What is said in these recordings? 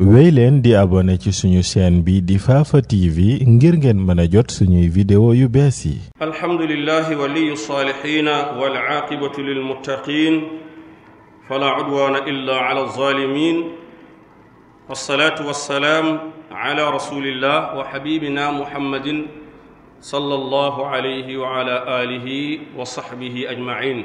wéy leen di abonné ci suñu chaîne bi di Fafa TV ngir ngeen mën a jot suñuy vidéo yu bees yi alhamdulillahi waliyu saalihiina wal aaqibatu lil muttaqiin falaa udwaana wa xabibina muhammadin sallallahu alayhi wa ala wa sahbihi ajmain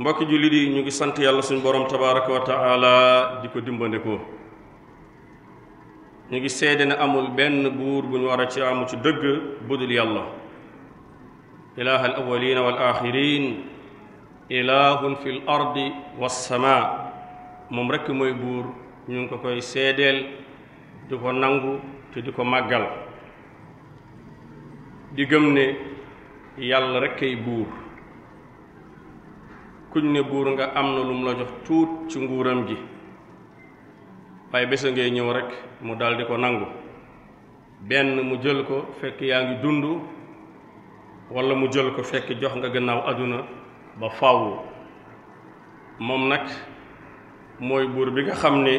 mbokki jullit yi ñu ngi sant yàlla suñu borom tabaaraka wa taala di ko dimbandikoo ñu ngi seede na amul benn buur bu ñu war a ci amu ci dëgg budul yàlla ilaha al awalina wal axirin ilahun fi l ardi wassama moom rekk mooy buur ñu ngi ko koy seedeel di ko nangu te di ko màggal di gëm ne yàlla rekk ay buur kuñ ne buur nga am na lu mu la jox tuut ci nguuram gi waaye bés ngay ñëw rekk mu daldi ko nangu benn mu jël ko fekk yaa ngi dund walla mu jël ko fekk jox nga gannaaw àdduna ba faw moom nag mooy buur bi nga xam ni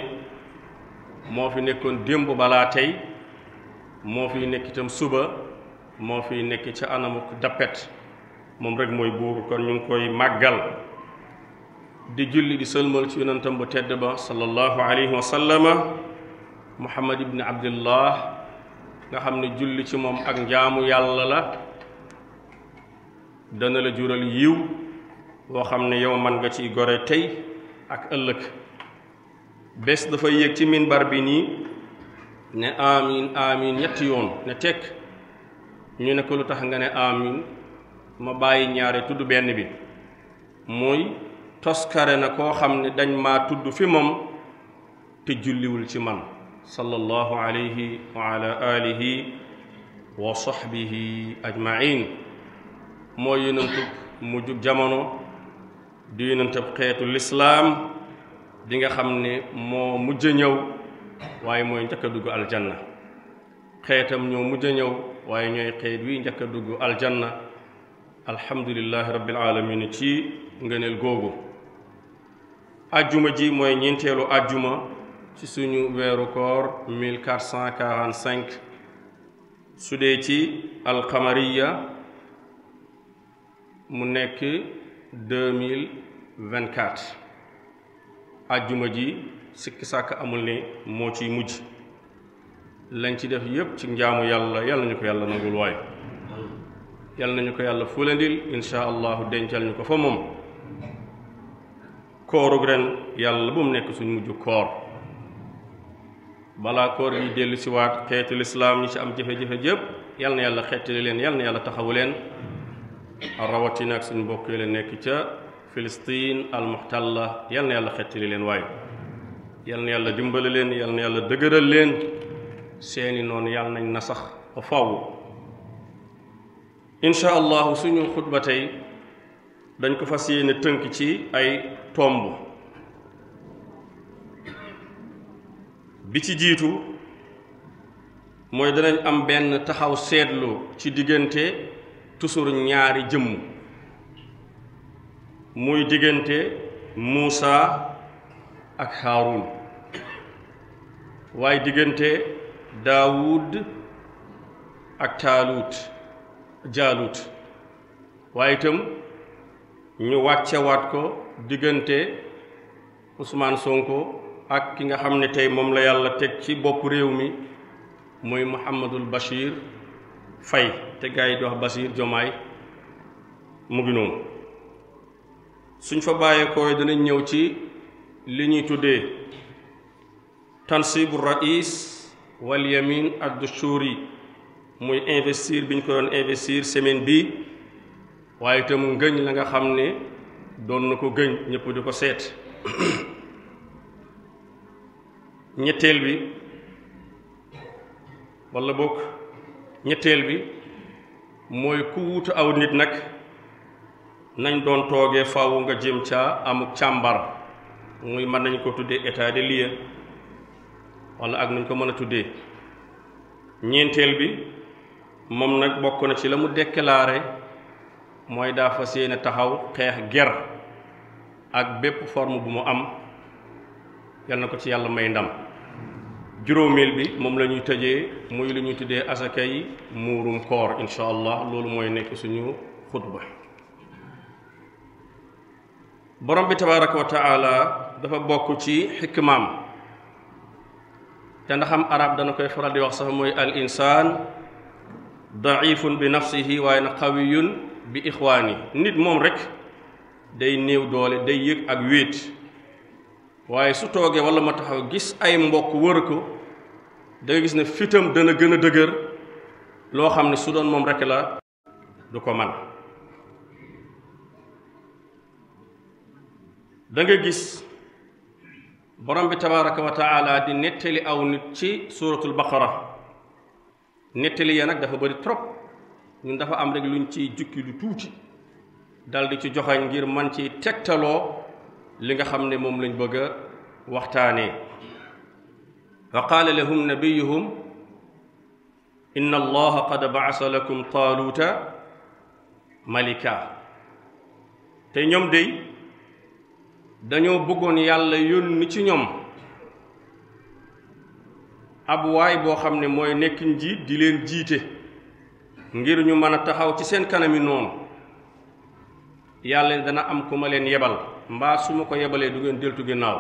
moo fi nekkoon démb balaa tey moo fiy nekk itam suba moo fiy nekk ca anamu dappet moom rekk mooy buur kon ñu ngi koy màggal di julli di sëlmal ci yonentam bu tedd ba sallallahu alayhi wa sallama muhammad ibni abdillah nga xam ne julli ci moom ak njaamu yàlla la dana la jural yiw boo xam ne yow man nga ci gore tey ak ëllëg bés dafa yéeg ci miin minbar bi nii ne amin amin ñetti yoon ne tekk ñu ne ko lu tax nga ne amin ma bàyyi ñaare tudd benn bi mooy toskare na koo xam ne dañ ma tudd fi moom te julliwul ci man sallallahu alayhi wa ala alihi wa sahbihi ajmain moo yonentub mujjug jamono di yonentub xeetu lislaam di nga xam ne moo mujj ñëw waaye mooy njëkk a dugg aljanna xeetam ñoo mujj ñëw waaye ñooy xeet wi njëkk a dugg aljanna alhamdulillahi rabbil alamin ci ngëneel googu ajjuma ji mooy ñeenteelu ajjuma ci suñu weeru koor 1445 su dee ci alxamariya mu nekk 2024 ajjuma ji sikki sàkk amul ne moo ciy mujj lañ ci def yépp ci njaamu yàlla yàlla ñu ko yàlla nangul waay yàlla nañu ko yàlla fulandil insha allahu dencal ñu ko fa moom koorug ren yàlla bu mu nekk suñ mujj koor balaa koor gi dellu si waat xeetu lislaam ñi ci am jafe-jafe jëpp yal na yàlla xettali leen yal yàlla taxawu leen rawatina suñu suñ mbokk yi la nekk ca Filistin al muhtalla yal na yàlla xettali leen waaye yal na yàlla dimbali leen yal na yàlla dëgëral leen seeni noonu yal nañ na ba faw incha allahu suñu xutba tey dañ ko fas yéene tënk ci ay tomb bi ci jiitu mooy danañ am benn taxaw seetlu ci diggante toujours ñaari jëmm muy diggante Muusa ak Haarun waaye diggante Daawud ak Taalut Jaalut waaye itam ñu wàccewaat ko diggante Ousmane Sonko ak ki nga xam ne tey moom la yàlla teg ci bopp réew mi muy Mouhamadul bashir Faye te gaa yi di wax Bachir Jomaay mu ngi noonu suñ fa bàyyeekoo danañ ñëw ci li ñuy tuddee tansibu rais wal yamin ad-dushuri muy investir bi ñu ko doon investir semaine bii waaye itam ngëñ la nga xam ne doon na ko gëñ ñëpp di ko seet ñetteel bi walla bokk ñetteel bi mooy ku wuutu aw nit nag nañ doon toogee faaw nga jëm ca amuk càmbar muy mën nañ ko tuddee état des lieux walla ak nuñ ko mën a tuddee ñeenteel bi moom nag bokk na ci la mu déclaré mooy daa fas yéene taxaw xeex ger ak bépp forme bu mu am yal na ko ci yàlla may ndam juróomeel bi moom la ñuy tëjee muy lu ñuy tuddee asaka yi muurum koor incha allah loolu mooy nekk suñu xutba borom bi tabaraka wa taala dafa bokk ci xikmaam te ndaxam arab dana koy faral di wax sax mooy al insaan daifun bi nafsihi waaye na qawiyun bi ixwaan yi nit moom rek day néew doole day yëg ak wéet waaye su toogee walla ma taxaw gis ay mbokk wër ko da gis ne fitam dana gën a dëgër loo xam ne su doon moom rek la du ko man danga gis borom bi tabaraka wa taala di nettali aw nit ci suuratul baqara nettali ya nag dafa bari trop ñun dafa am rek luñ ci jukki lu tuuti dal di ci joxe ngir man ci tegtaloo li nga xam ne moom lañu bëgg a waxtaanee fa qaala lahum nabiyuhum inna allaha qad ba'asa lakum taaluuta malika te ñoom dey dañoo bëggoon yàlla yónni ci ñoom ab waay boo xam ne mooy nekk njiit di leen jiite ngir ñu mën a taxaw ci seen kanami noonu yàlla dana am ku ma leen yebal mbaa su ma ko yebalee du ngeen deltu ginnaaw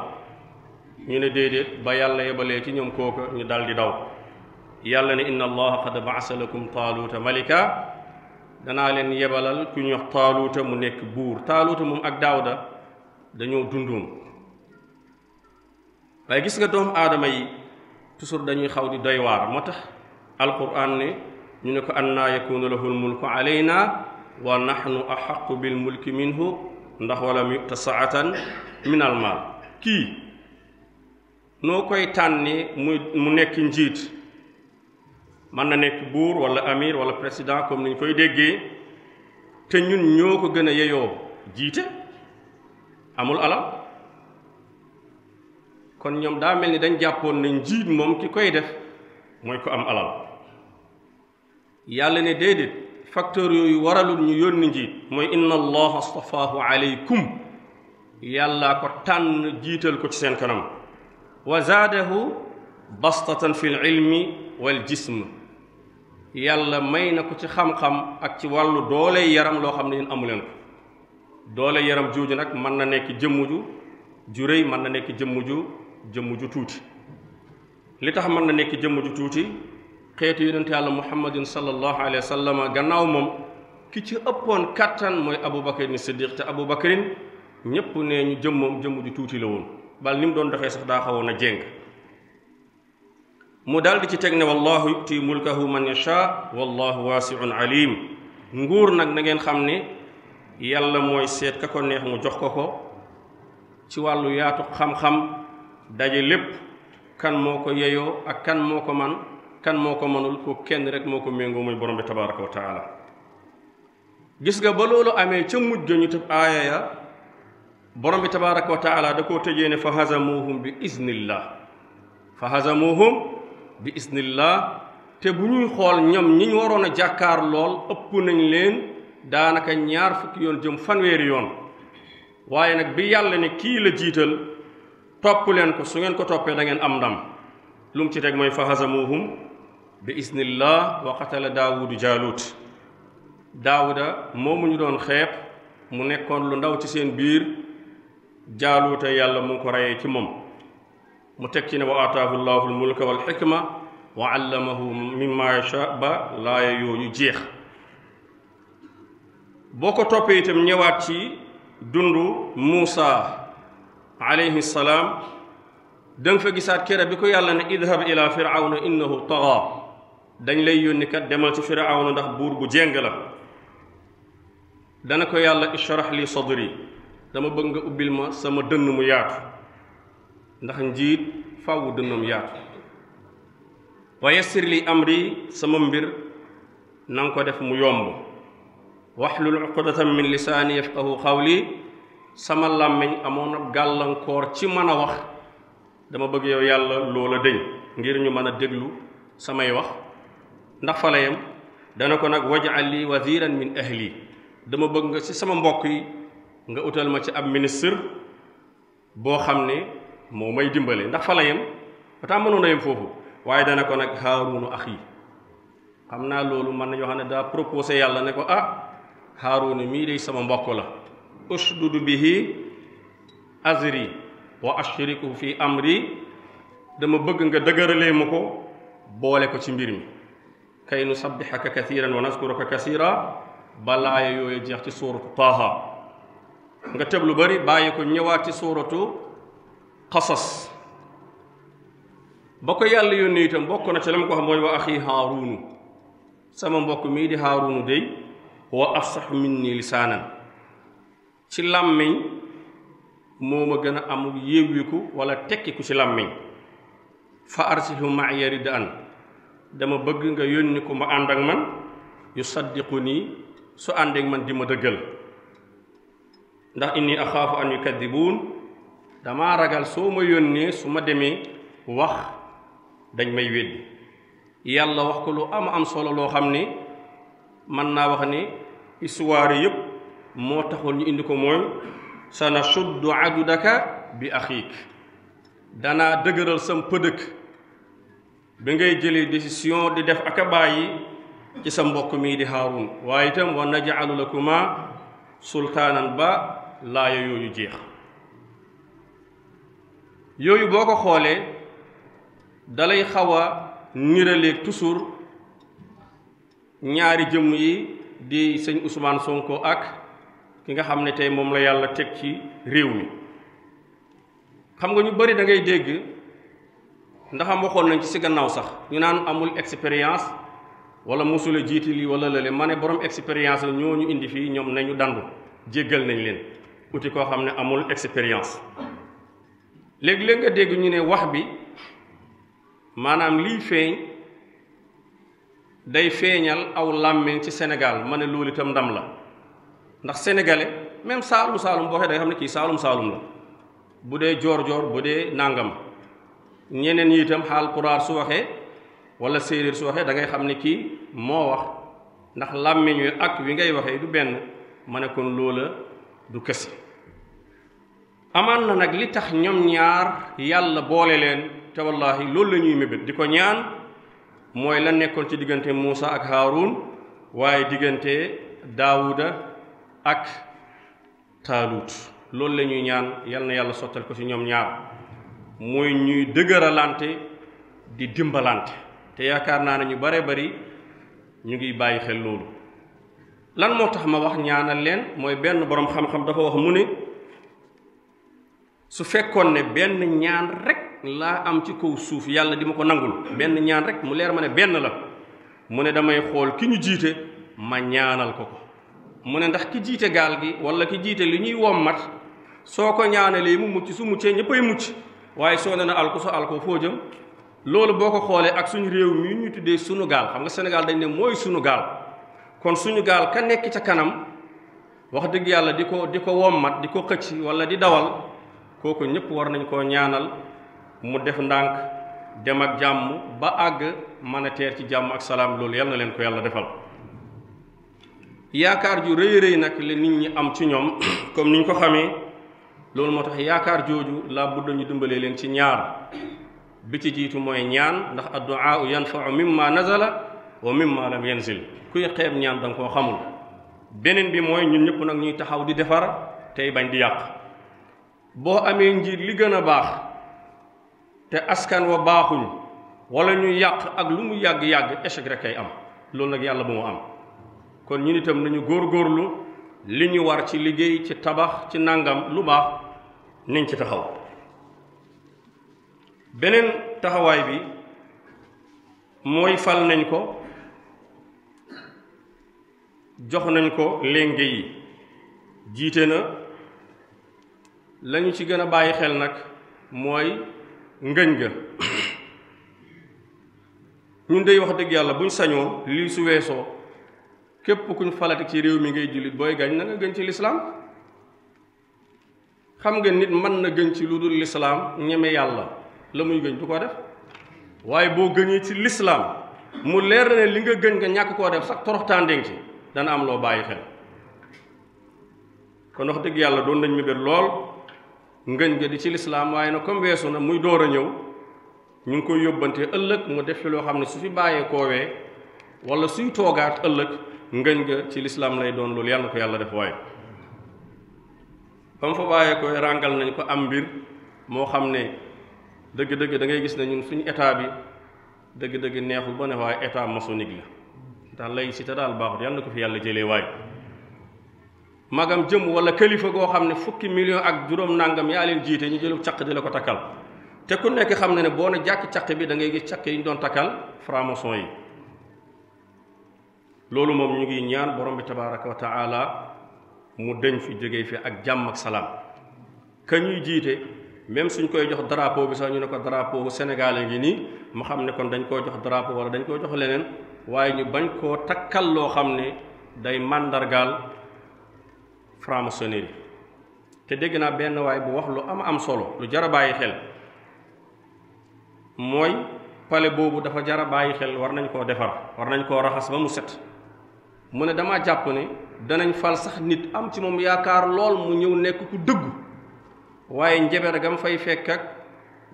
ñu ne déedéet ba yàlla yebalee ci ñoom kooka ñu daldi di daw yàlla ne inna allaha qad baasa lakum taaluuta malika danaa leen yebalal ku ñu wax taaluuta mu nekk buur taaluuta moom ak daawda dañoo dundoon waaye gis nga doomu aadama yi toujours dañuy xaw di doy waar moo tax alquran ne ñu ne ko annaa yakunu lahu lmulku alayna wa nahnu axaqu bil mulki minhu ndax walam yutta saatan min maal kii noo koy tànni muy mu nekk njiit mën na nekk buur wala amir wala président comme ni ñu koy déggee te ñun ñoo ko gën a yeyoo jiite amul alal kon ñoom daa mel ni dañ jàppoon ne njiit moom ki koy def mooy ko am alal yàlla ne déedéet facteur yooyu waralul ñu yónni njiit mooy inna allaha astafaahu aleykum yàlla ko tànn jiital ko ci seen kanam wa zaadahu bastatan fi l ilmi wal jism yàlla may na ko ci xam-xam ak ci wàllu doole yaram loo xam ne yéen amu ko doole yaram jooju nag mën na nekk jëmm ju ju mën na nekk jëmm ju jëmm ju tuuti li tax mën na nekk jëmm ju tuuti xeetu yonente yàlla muhammadin sallallahu alayhi wa sallam gannaaw moom ki ci ëppoon kàttan mooy aboubacarin siddiq te aboubacarin ñépp ne ñu jëmmoom jëmm ju tuuti la woon bal ni mu doon doxee sax daa xawoon a jeng mu daldi ci teg ne wallahu yuti mulkahu man yasha wallahu waasiun alim nguur nag na ngeen xam ne yàlla mooy seet ka ko neex mu jox ko ko ci wàllu yaatu xam-xam daje lépp kan moo ko yeyoo ak kan moo ko man kan moo ko mënul ko kenn rek moo ko méngoo muy borom bi tabaraka wa gis nga ba loolu amee ca mujj ñu tëb aaya ya borom bi tabaraka wa taala da koo tëjee ne fa hazamuhum bi iznillah fa hazamuhum bi iznillah te bu ñuy xool ñam ñi waroon a jàkkaar lool ëpp nañ leen daanaka ñaar fukki yoon jëm fanweeri yoon waaye nag bi yàlla ne kii la jiital topp leen ko su ngeen ko toppee da ngeen am ndam lu mu ci teg mooy fa hazamuhum bi isnillah wa qatala daawudu jaalut daawuda moomu ñu doon xeeb mu nekkoon lu ndaw ci seen biir jaaluuta yàlla mu ko reyee ci moom mu tekki ci ne wa aataahu llahu almulka wa allamahu mimma yacha ba laaya yooyu jeex boo ko toppee itam ñëwaat ci dundu muusa alayhi salaam danga fa gisaat kere bi ko yàlla ne idhab ila firawna innahu tagaa dañ lay yónni kat demal ci firawna ndax buur bu jéng la dana ko yàlla isharax li sadri dama bëgg nga ubbil ma sama dënn mu yaatu ndax njiit fàwwu dënnam yaatu wa yassir li amri sama mbir na ko def mu yomb waxlul uqdatan min lisaani yafqahu qawli sama làmmiñ amoon ab gàllankoor ci mën a wax dama bëgg yow yàlla loola dëñ ngir ñu mën a déglu samay wax ndax fa la dana ko nag wajal li waziran min ahli dama bëgg nga ci sama mbokk yi nga utal ma ci ab ministre boo xam ne moo may dimbale ndax fa la yem wataa mënoon a yem foofu waaye dana ko nag haarunu axi xam naa loolu mën nañoo xam ne daa proposé yàlla ne ko ah haarunu mii day sama mbokk la usdudu bihi azri wa ashriku fi amri dama bëgg nga dëgëralee ma ko boole ko ci mbir mi kay nu sabbixaka kathiran wa naskuruka kasira balaaya yooyu jeex ci suuratu taaha nga tëb lu bari bàyyi ko ñëwaat ci suuratu qasas ba ko yàlla yónnee itam bokk na ci la mu ko wax mooy wa axi haaruunu sama mbokk mii di haaruunu day wa afsaxu minni lisaanan ci làmmiñ moo ma gën a am yéwwiku wala tekkiku ci làmmiñ fa arsilhu maaya ridan dama bëgg nga yónni ko ma ànd ak man yu saddiqu nii su àndeek man di ma dëggal ndax inni axaafu an yukadibuun damaa ragal soo ma yónnee su ma demee wax dañ may weddi yàlla wax ko lu am am solo loo xam ne mën naa wax ne histoire yépp moo taxoon ñu indi ko mooy sana suddu daka bi axiik danaa dëgëral sam bi ngay jëlee décision di def ak a bàyyi ci sa mbokk mi di Haarun waaye itam wa naj'alu lakuma sultaanan ba laaya yooyu jeex yooyu boo ko xoolee dalay xaw a niraleeg toujours ñaari jëmm yi di sëñ Ousmane Sonko ak ki nga xam ne tey moom la yàlla teg ci réew mi xam nga ñu bari da dégg ndax am waxoon nañu ci si gannaaw sax ñu naan amul expérience wala mosula jiiti lii wala lële ma ne borom expérience la ñoo ñu indi fii ñoom nañu dandu jéggal nañ leen uti koo xam ne amul expérience léegi-léeg nga dégg ñu ne wax bi maanaam liy feeñ day feeñal aw làmmiñ ci Sénégal ma ne loolu ndam la ndax sénégalais même saalum saalum boo xee da nga xam ne kii saalum saalum la bu dee joor joor bu dee nàngam ñeneen ñi itam xaal pulaar su waxee wala séeréer su waxee da ngay xam ne kii moo wax ndax làmmiñ wi ak wi ngay waxee du benn ma ne kon loola du kese amaan na nag li tax ñoom ñaar yàlla boole leen te wallahi loolu lañuy mébét di ko ñaan mooy la nekkoon ci diggante Muusa ak Haaruun waaye diggante Daawuda ak Taalut loolu la ñuy ñaan yal na yàlla sottal ko ci ñoom ñaar mooy ñuy dëgëralante di dimbalante te yaakaar naa na ñu bare bari ñu ngi bàyyi xel loolu lan moo tax ma wax ñaanal leen mooy benn boroom xam-xam dafa wax mu ne su fekkoon ne benn ñaan rek laa am ci kaw suuf yàlla di ma ko nangul benn ñaan rek mu leer ma ne benn la mu ne damay xool ki ñu jiite ma ñaanal ko ko mu ne ndax ki jiite gaal gi walla ki jiite li ñuy wommat soo ko ñaanalee mu mucc su muccee ñëppay mucc waaye soo ne na alku sa alku foo jëm loolu boo ko xoolee ak suñu réew mi ñuy tuddee suñu gaal xam nga Sénégal dañ ne mooy sunu gaal kon suñu gaal ka nekk ca kanam wax dëgg yàlla di ko di ko wommat di ko xëcc wala di dawal kooku ñëpp war nañ koo ñaanal mu def ndànk dem ak jàmm ba àgg mën a teer ci jàmm ak salaam loolu yal na leen ko yàlla defal. yaakaar ju rëy rëy nag la nit ñi am ci ñoom comme niñ ko xamee. loolu moo tax yaakaar jooju laa budda ñu dimbalee leen ci ñaar bi ci jiitu mooy ñaan ndax adduaa yanfau mimma nazala wa mimma lam yanzil kuy xeeb ñaan danga koo xamul beneen bi mooy ñun ñëpp nag ñuy taxaw di defar tey bañ di yàq boo amee njiit li gën a baax te askan wa baaxuñ wala ñu yàq ak lu mu yàgg-yàgg échec rek kay am loolu nag yàlla bu mu am kon ñun itam nañu góor góorlu li ñu war ci liggéey ci tabax ci nangam lu baax niñ ci taxaw beneen taxawaay bi mooy fal nañ ko jox nañ ko lénge yi jiite na lañu ci gën a bàyyi xel nag mooy ngëñ ga ñun dey wax dëgg yàlla buñ sañoo lii su weesoo képp ku ñu falati ci réew mi ngay jullit booy gañ na nga gën ci lislaam xam nga nit mën na gën ci lu dul lislaam ñeme yàlla la muy gën du ko def waaye boo gëñee ci lislaam mu leer ne li nga gën nga ñàkk koo def sax toroxtaan dénk ci dana am loo bàyyi xel kon wax dëgg yàlla doon nañ mébét lool ngëñ ga di ci lislaam waaye na comme weesu na muy door a ñëw ñu ngi koy yóbbante ëllëg mu def fi loo xam ne su fi bàyyee koowee wala suy toogaat ëllëg ngëñ ga ci lislaam lay doon loolu yàlla ko yàlla def waaye ba mu fa bàyyee koy ràngal nañ ko am mbir moo xam ne dëgg-dëgg da ngay gis ne ñun suñu état bi dëgg-dëgg neexul ba ne waaye état maçonnique la ndax lay si te daal baaxut yàlla ko fi yàlla jëlee waaye magam jëm wala kilifa goo xam ne fukki million ak juróom nangam yaa leen jiite ñu jëlu caq di la ko takkal te ku nekk xam ne ne boo ne jàkk caq bi da ngay gis caq yi ñu doon takkal franc-maçon yi loolu moom ñu ngi ñaan borom bi tabaraka wa mu dëñ fi jóge fi ak jàmm ak salaam ka ñuy jiite même suñ koy jox drapo bi sax ñu ne ko drapeau bu sénégalais ngi nii mu xam ne kon dañ koy jox drapeau wala dañ koy jox leneen waaye ñu bañ koo takkal loo xam ne day màndargaal franc-maçonnerie te dégg naa benn waay bu wax lu am am solo lu jar a bàyyi xel mooy pale boobu dafa jara a bàyyi xel war nañ koo defar war nañ koo raxas ba mu set mu ne damaa jàpp ne danañ fal sax nit am ci moom yaakaar lool mu ñëw nekk ku dëggu waaye njaber gam fay fekk ak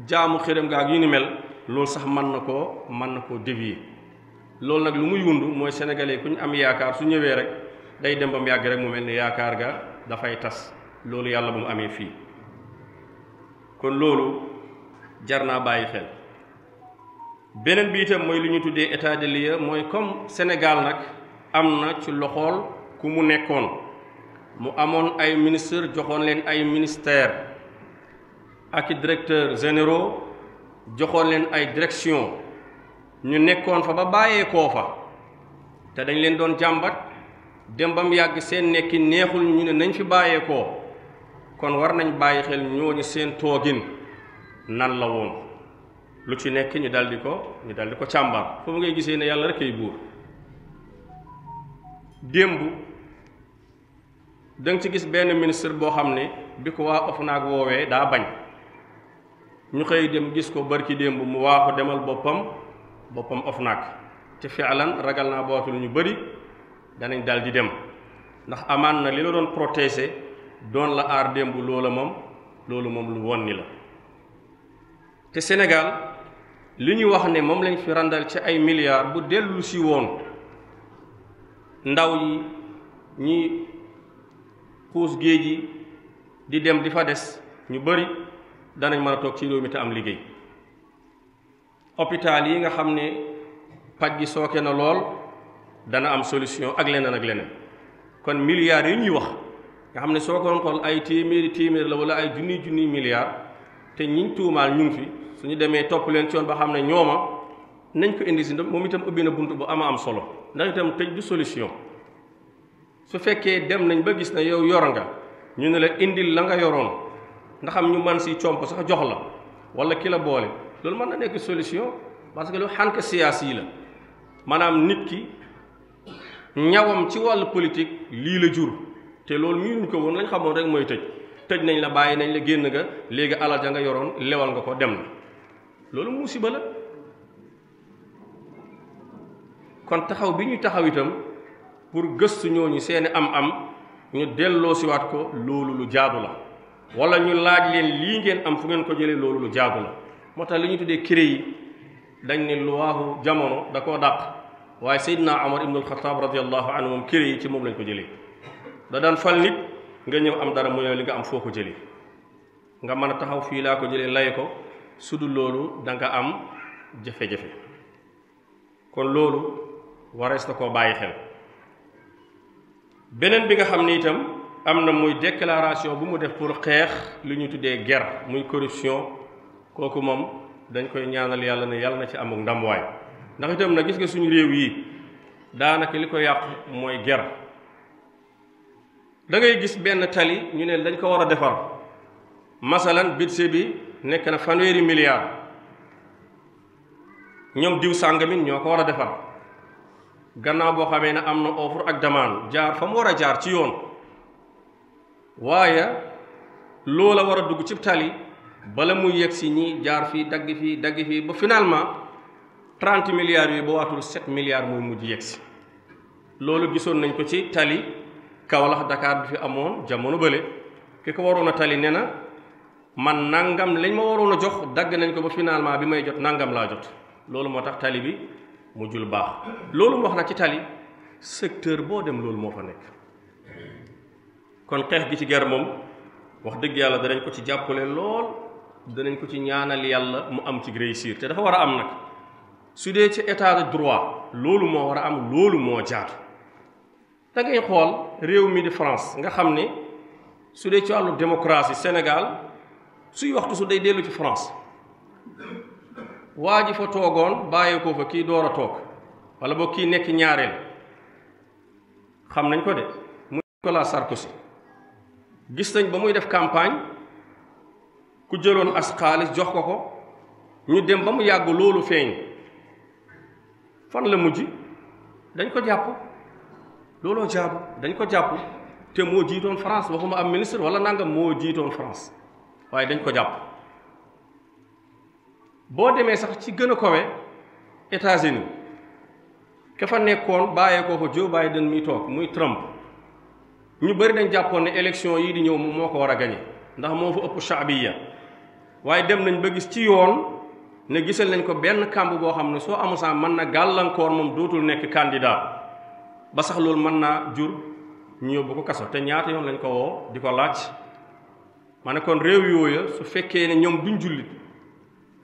jaamu xërëm gaag yu ni mel loolu sax mën na koo mën na koo dévier loolu nag lu muy wund mooy sénégalais ku ñu am yaakaar su ñëwee rek day dem ba mu yàgg rek mu mel ni yaakaar ga dafay tas loolu yàlla bu mu amee fii kon loolu jar naa bàyyi xel beneen bi itam mooy lu ñu tuddee état de lieu mooy comme Sénégal nag am na ci loxool ku mu nekkoon mu amoon ay ministre joxoon leen ay ministère ak i directeurs généraux joxoon leen ay direction ñu nekkoon fa ba bàyyeekoo fa te dañ leen doon jàmbat dem ba yàgg seen nekki neexul ñu ne nañ fi bàyyeekoo kon war nañ bàyyi xel ñooñu seen toogin nan la woon lu ci nekk ñu daldi ko ñu daldi ko càmbar foofu ngay gisee ne yàlla rek ay buur démb danga ci gis benn ministre boo xam ne bi ko waa OFNAC woowee daa bañ ñu xëy dem gis ko bari barki démb mu waaxu demal boppam boppam OFNAC te fi fialan ragal naa bootul ñu bari danañ dal di dem ndax amaan na li la doon protésé doon la aar démb loola moom loolu moom lu won ni la te senegal li ñu wax ne moom lañ fi randal ci ay milliards bu dellusi woon ndaw yi ñi xuus géej yi di dem di fa des ñu bari danañ mën a toog ci réew mi te am liggéey hôpital yi nga xam ne paj gi sooke na lool dana am solution ak leneen ak leneen kon milliards yu ñuy wax nga xam ne soo ko doon ay téeméeri téeméer la wala ay junni junniy milliards te ñiñ tuumaal ñu ngi fi suñu demee topp leen ci yoon ba xam ne ñooma nañ ko indi si moom itam ubbi na bunt bu ama am solo ndax itam tëj du solution su fekkee dem nañ ba gis na yow yor nga ñu ne la indil la nga yoroon nga xam ñu man si comp sax jox la wala ki la boole loolu mën na nekk solution parce que lu xànk siyaas yi la maanaam nit ki ñawam ci wàll politique lii la jur te loolu miinuñ ko woon lañ xamoon rek mooy tëj tëj nañ la bàyyi nañ la génn nga léegi alal ja nga yoroon lewal nga ko dem na loolu musiba la kon taxaw bi ñuy taxaw itam pour gëstu ñooñu seeni am-am ñu siwaat ko loolu lu jaadu la wala ñu laaj leen lii ngeen am fu ngeen ko jëlee loolu lu jaadu la moo tax li ñu tuddee CREI yi dañ ne luwaahu jamono da koo dàq waaye Seydina Omar ibnul Xataab radiyallahu anhu moom CREI yi ci moom lañ ko jëlee da daan fal nit nga ñëw am dara mu ne li nga am foo ko jëlee nga mën a taxaw fii laa ko jëlee lay ko su dul loolu danga am jafe-jafe kon loolu. warees na koo bàyyi xel beneen bi nga xam ni itam am na muy déclaration bu mu def pour xeex lu ñu tuddee guerre muy corruption kooku moom dañ koy ñaanal yàlla ne yàlla na ci amuk ndamwaay ndax itam na gis nga suñu réew yi daanaka li ko yàqu mooy guerre dangay gis benn tali ñu ne dañ ko war a defar masalan budget bi nekk na fanweeri milliard ñoom diw sàngamin ñoo ko war a defar gannaaw boo xamee ne am na offre ak demande jaar fa mu war a jaar ci yoon waaye loola war a dugg cib tali bala muy yegg si ñi jaar fii dagg fii dagg fii ba finalement trente milliards yooyu ba waatul sept milliards mooy mujj yegg loolu gisoon nañ ko ci tali Kawlax Dakar bi fi amoon jamono bële ki ko waroon a tali ne na man nangam lañ ma waroon a jox dagg nañ ko ba finalement bi may jot nangam laa jot loolu moo tax tali bi mu jul baax loolu mu wax nag ci tali secteur boo dem loolu moo fa nekk kon xeex gi ci ger moom wax dëgg yàlla danañ ko ci jàppale lool danañ ko ci ñaanal yàlla mu am ci réussir te dafa war a am nag su dee ci état de droit loolu moo war a am loolu moo jaatu da ngay xool réew mi di France nga xam ne su dee ci wàllu démocratie Sénégal suy waxtu su day dellu ci France waa ji fa toogoon bàyyi ko fa kii door a toog wala boo kii nekk ñaareel xam nañ ko de muy Nicolas si gis nañ ba muy def campagne ku jëloon as xaalis jox ko ko ñu dem ba mu yàgg loolu feeñ fan la mujj dañ ko jàpp looloo jaabu dañ ko jàpp te moo jiitoon France waxuma am ministre wala nangam moo jiitoon France waaye dañ ko jàpp boo demee sax ci gën a kowe états ka fa nekkoon bàyyeekoo fa Joe Biden mi toog muy Trump ñu bari dañ jàppoon ne élection yii di ñëw moom moo ko war a gañe ndax moo fa ëpp shaabiya waaye dem nañ ba gis ci yoon ne gisal nañ ko benn kàmb boo xam ne soo amusaa mën na gàllankoor moom dootul nekk candidat ba sax loolu mën naa jur ñu yóbbu ko kaso te ñaata yoon lañ ko woo di ko laaj ma ne kon réew yooya su fekkee ne ñoom duñ jullit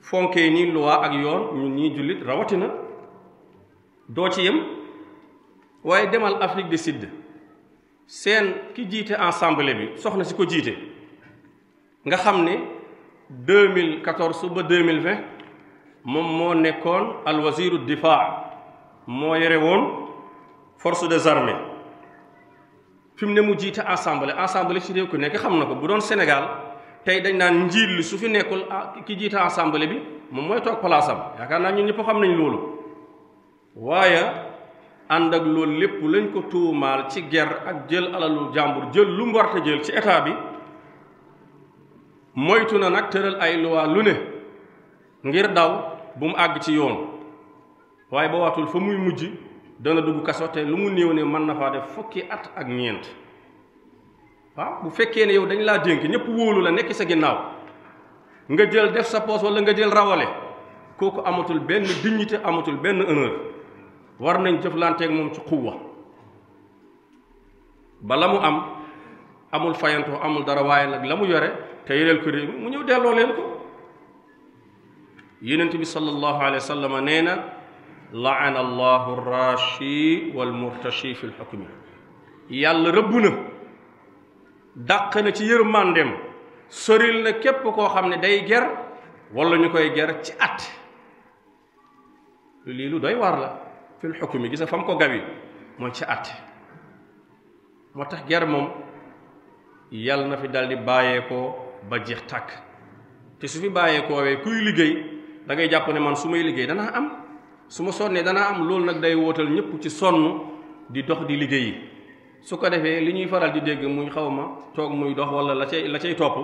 fonkee ni loi ak yoon ñu ñii jullit rawatina doo ci yem waaye demal Afrique di sidd seen ki jiite assemblée bi soxna si ko jiite nga xam ne 2014 ba 2020 moom moo nekkoon al difaa moo yore woon force des armées fi mu ne mu jiite assemblée assemblée ci réew ku nekk xam na ko bu doon Sénégal tey dañ naan njiit li su fi nekkul ah, ki jiite assemblée bi moom mooy toog palaasam yaakaar naa ñun ñëpp xam nañ loolu waaye ànd ak loolu lépp lañ ko tuumaal ci ger ak jël alalu jàmbur jël lu mu jël ci état bi moytu na nag tëral ay loi lu ne ngir daw bu mu àgg ci yoon waaye ba waatul fa muy mujj dana dugg kaso te lu mu néew ne mën na faa def fukki at ak ñeent waaw bu fekkee ne yow dañ laa dénk ñépp wóolu la nekk sa ginnaaw nga jël def sa poos wala nga jël rawale kooku amatul benn dignité amatul benn honneur war nañ jëflanteeg moom ci xuwa bala mu am amul fayantoo amul dara waaye nag la mu yore te yoreel ko mu ñëw delloo leen ko yonent bi sallallahu alayhi wa nee na laana allahu rashi wal murtashi fi lxukmi yàlla rëbb na dàq na ci yërmandeem soril na képp koo xam ne day ger walla ñu koy ger ci at lii lu doy waar la fil xukumi gisa fam ko gawi mooy ci at moo tax ger moom yàlla na fi daldi bàyyeekoo ba jeex tàkk te su fi bàyyeekoowee kuy liggéey dangay ngay jàpp ne man su may liggéey danaa am su ma sonnee danaa am loolu nag day wootal ñëpp ci sonn di dox di liggéey su ko defee li ñuy faral di dégg mu xaw ma toog muy dox wala la cay la cay topp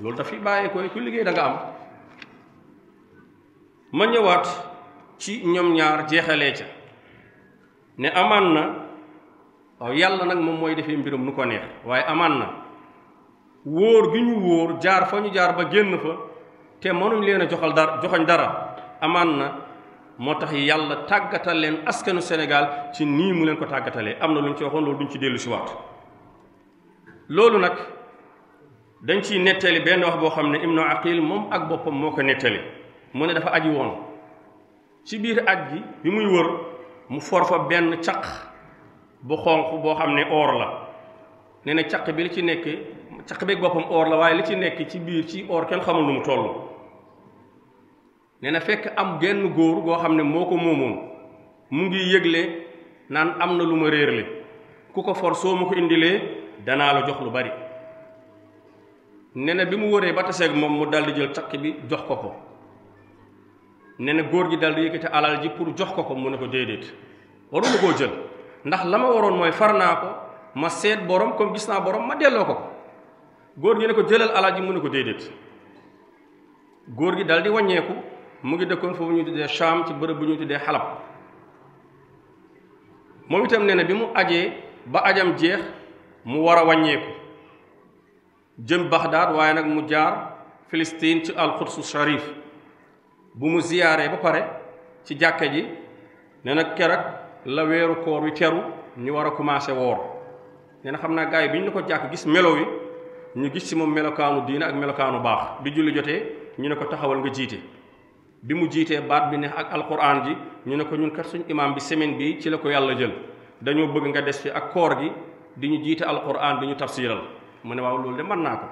loolu daf fi bàyyi koy ku liggéey da am ma ñëwaat ci ñoom ñaar jeexalee ca ne amaan na waaw yàlla nag moom mooy defee mbiram nu ko neex waaye amaan na wóor gi ñu wóor jaar fa ñu jaar ba génn fa te mënuñ leen a joxal dara joxoñ dara amaan na moo tax yàlla tàggatal leen askanu Sénégal ci nii mu leen ko tàggatalee am na lu ñu ci waxoon loolu duñ ci dellu si waat loolu nag dañ ciy nettali benn wax boo xam ne Ibnu Aqil moom ak boppam moo ko nettali mu ne dafa aji woon ci biir aj gi bi muy wër mu for fa benn caq bu xonq boo xam ne oor la nee na caq bi li ci nekk caq beeg boppam or la waaye li ci nekk ci biir ci or kenn xamul lu mu toll nee na fekk am genn góor goo xam ne moo ko moomoon mu ngi yëgle naan am na lu ma réerle ku ko for soo ma ko indilee danaa la jox lu bari nee na bi mu wëree ba taseeg moom mu daldi jël takk bi jox ko ko nee na góor gi daldi yëkkati alal ji pour jox ko ko mu ne ko déedéet waruma koo jël ndax la ma waroon mooy far naa ko ma seet boroom comme gis naa borom ma delloo ko ko góor gi ne ko jëlal alal ji mu ne ko déedéet góor gi daldi waññeeku mu ngi dëkkoon foofu ñu tuddee Sham ci bërëb bu ñu tuddee Xalab moom itam nee na bi mu ajee ba ajam jeex mu war a wàññeeku jëm Baxdaad waaye nag mu jaar Filistin ci alxudsu sharif bu mu ziyaaree ba pare ci jàkka ji nee na keroog la weeru koor wi teru ñu war a commencé woor nee na xam naa gars yi bi ñu la ko jàkk gis melo wi ñu gis ci moom melokaanu diina ak melokaanu baax bi julli jotee ñu ne ko taxawal nga jiite bi mu jiitee baat bi ne ak alquran ji ñu ne ko ñun kat suñ imaam bi semaine bi ci la ko yàlla jël dañoo bëgg nga des fi ak koor gi di ñu jiite alquran di ñu tafsiral mu ne waaw loolu de man naa ko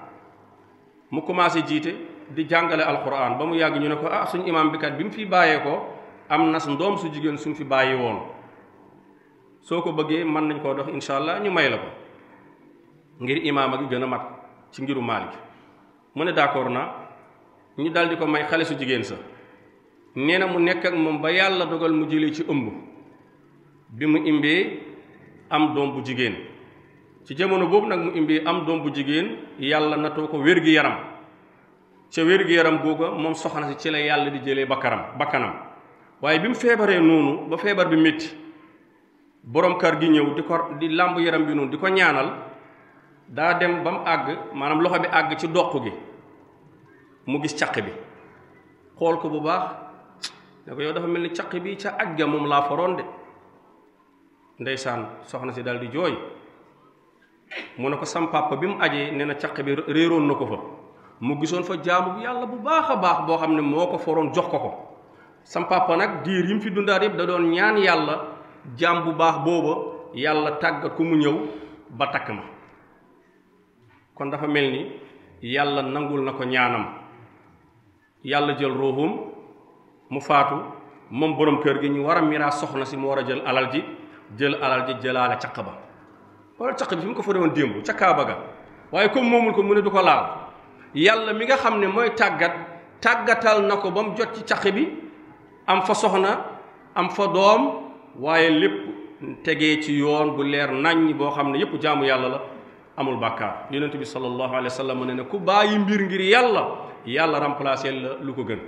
mu commencé jiite di jàngale alquran ba mu yàgg ñu ne ko ah suñu imaam bi kat bi mu fi bàyyee ko am nas ndoom su jigéen suñ fi bàyyi woon soo ko bëggee mën nañ koo dox incha allah ñu may la ko ngir imaama gi gën a mat ci ngiru Maalik mu ne d'accord na ñu dal di ko may xale su jigéen sa nee na mu nekk ak moom ba yàlla dogal mu jëlee ci ëmb bi mu imbee am doom bu jigéen ci jamono boobu nag mu imbee am doom bu jigéen yàlla na too ko wér gi yaram ca wér gi yaram googa moom soxna si ci la yàlla di jëlee bakkanam bakkanam waaye bi mu feebaree noonu ba feebar bi métti boroom kër gi ñëw di ko di làmb yaram bi noonu di ko ñaanal daa dem ba mu àgg maanaam loxo bi àgg ci doq gi mu gis caq bi xool ko bu baax ne ko yow dafa mel ni caq bi ca aj ga moom laa foroon de ndeysaan soxna si daal di jooy mu ne ko sam bi mu ajee nee na caq bi réeroon na ko fa mu gisoon fa jaamu yàlla bu baax a baax boo xam ne moo ko foroon jox ko ko sam nag diir yi mu fi dundaat yëpp da doon ñaan yàlla jaam bu baax booba yàlla tàggat ku mu ñëw ba takk ma kon dafa mel ni yàlla nangul na ko ñaanam yàlla jël ruuxum mu faatu moom borom kër gi ñu war a miraas soxna si mu war a jël alal ji jël alal ji jëlaale caq ba wala caq bi fi mu ko fa doon démb ca kaaba ga waaye comme moomul ko mu ne du ko laal yàlla mi nga xam ne mooy tàggat tàggatal na ko ba mu jot ci caq bi am fa soxna am fa doom waaye lépp tegee ci yoon bu leer naññ boo xam ne yépp jaamu yàlla la amul bàkkaar yonent bi sallallahu alayhi wa sallam ne ne ku bàyyi mbir ngir yàlla yàlla remplacer la lu ko gën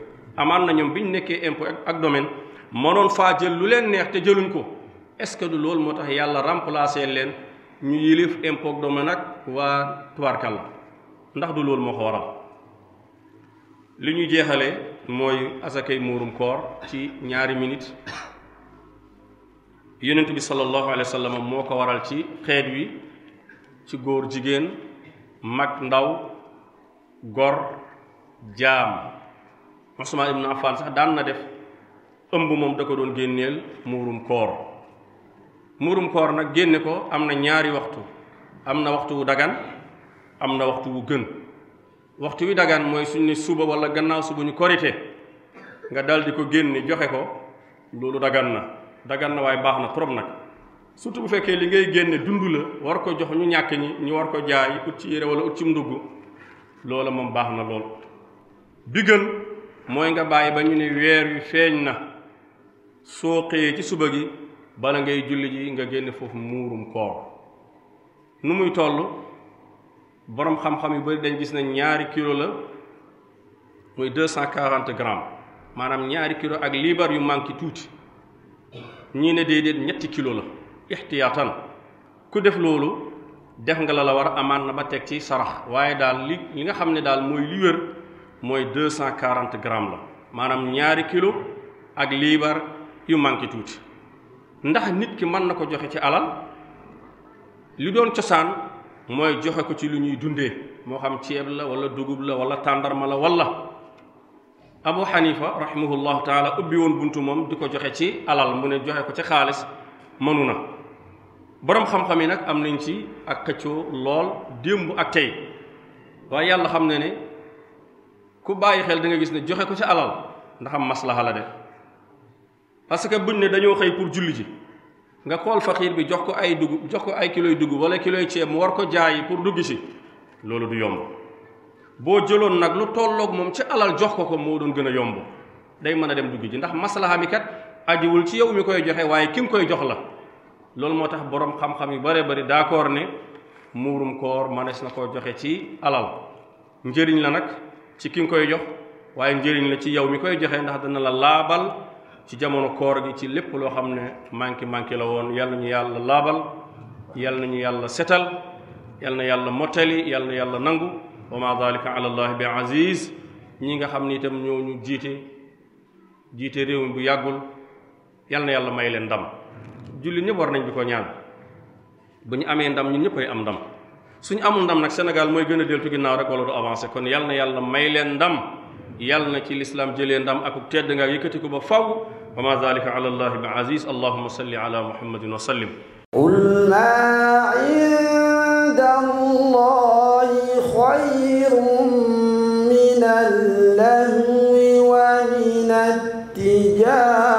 amaan na ñoom bi ñu nekkee impôt ak domaine mënoon faa jël lu leen neex te jëluñ ko est-ce que du loolu moo tax yàlla remplacer leen ñu yilif impôt ak domaine ak waa tubaarkàlla ndax du loolu moo ko waral li ñu jeexale mooy asakay muurum koor ci ñaari minit yonent bi sallallahu alayhi wa moo ko waral ci xeet wi ci góor jigéen mag ndaw gor jaam Usmaan ibnu Affaan sax daan na def ëmb moom da ko doon génneel muurum koor muurum koor nag génne ko am na ñaari waxtu am na waxtu wu dagan am na waxtu wu gën waxtu wi dagan mooy suñ ne suba wala gannaaw suba ñu korite nga dal di ko génne joxe ko loolu dagan na dagan na waaye baax na trop nag surtout bu fekkee li ngay génne dund la war ko jox ñu ñàkk ñi ñu war ko jaay ut ci yére wala ut ci ndugg loola moom baax na lool bi gën mooy nga bàyyi ba ñu ne weer wi feeñ na soo xëyee ci suba gi bala ngay julli ji nga génn foofu muurum koor nu muy toll boroom xam-xam yu bari dañ gis na ñaari kilo la muy deux cent quarante grammes maanaam ñaari kilo ak liibar yu manqué tuuti ñii ne déedéet ñetti kilo la ixtiyaatan ku def loolu def nga la la war amaan na ba teg ci sarax waaye daal li li nga xam ne daal mooy li mooy deux cent quarante grammes la maanaam ñaari kilo ak liibar yu manqué tuuti ndax nit ki mën na ko joxe ci alal li doon cosaan mooy joxe ko ci lu ñuy dundee moo xam ceeb la wala dugub la wala tàndarma la wala abu xanifa rahimahullahu taala ubbi woon buntu moom di ko joxe ci alal mu ne joxe ko ci xaalis mënu na boroom xam-xam yi nag am nañ ci ak xëccoo lool démb ak tey waaye yàlla xam ne ne ku bàyyi xel da nga gis ne joxe ko ci alal ndax am maslaha la de parce que buñ ne dañoo xëy pour julli ji nga xool xiir bi jox ko ay dugub jox ko ay kiloy dugub wala kiloy ceeb mu war ko jaay pour dugg si loolu du yomb boo jëloon nag lu tolloog moom ci alal jox ko ko moo doon gën a yomb day mën a dem dugg ji ndax maslaha mi kat ajiwul ci yow mi koy joxe waaye ki koy jox la loolu moo tax boroom xam-xam yu bare bari d'accord ne muurum koor manees na koo joxe ci alal la nag ci ki nga koy jox waaye njëriñ la ci yow mi koy joxe ndax dana la laabal ci jamono koor gi ci lépp loo xam ne manqué manqué la woon yàlla na ñu yàlla laabal yàlla na ñu yàlla setal yal na yàlla mottali yàlla na yàlla nangu wa ma dalika ala allahi aziz ñi nga xam ni itam ñoo ñu jiite jiite réew mi bu yàggul yàlla na yàlla may leen ndam julli ñëpp war nañ bi ko ñaan bu ñu amee ndam ñun ñëpp ay am ndam suñu amul ndam nag senegal mooy gën a deltu ginnaaw rek wala du avancé kon yal na yàlla may leen ndam yal na ci lislaam jëlee ndam ak tedd nga yëkkati ko ba faw wa ma zalika ala allahi bi aziz allahuma ala muhammadin wa sallim qul inda allahi xayrun min allahi wa min attijaara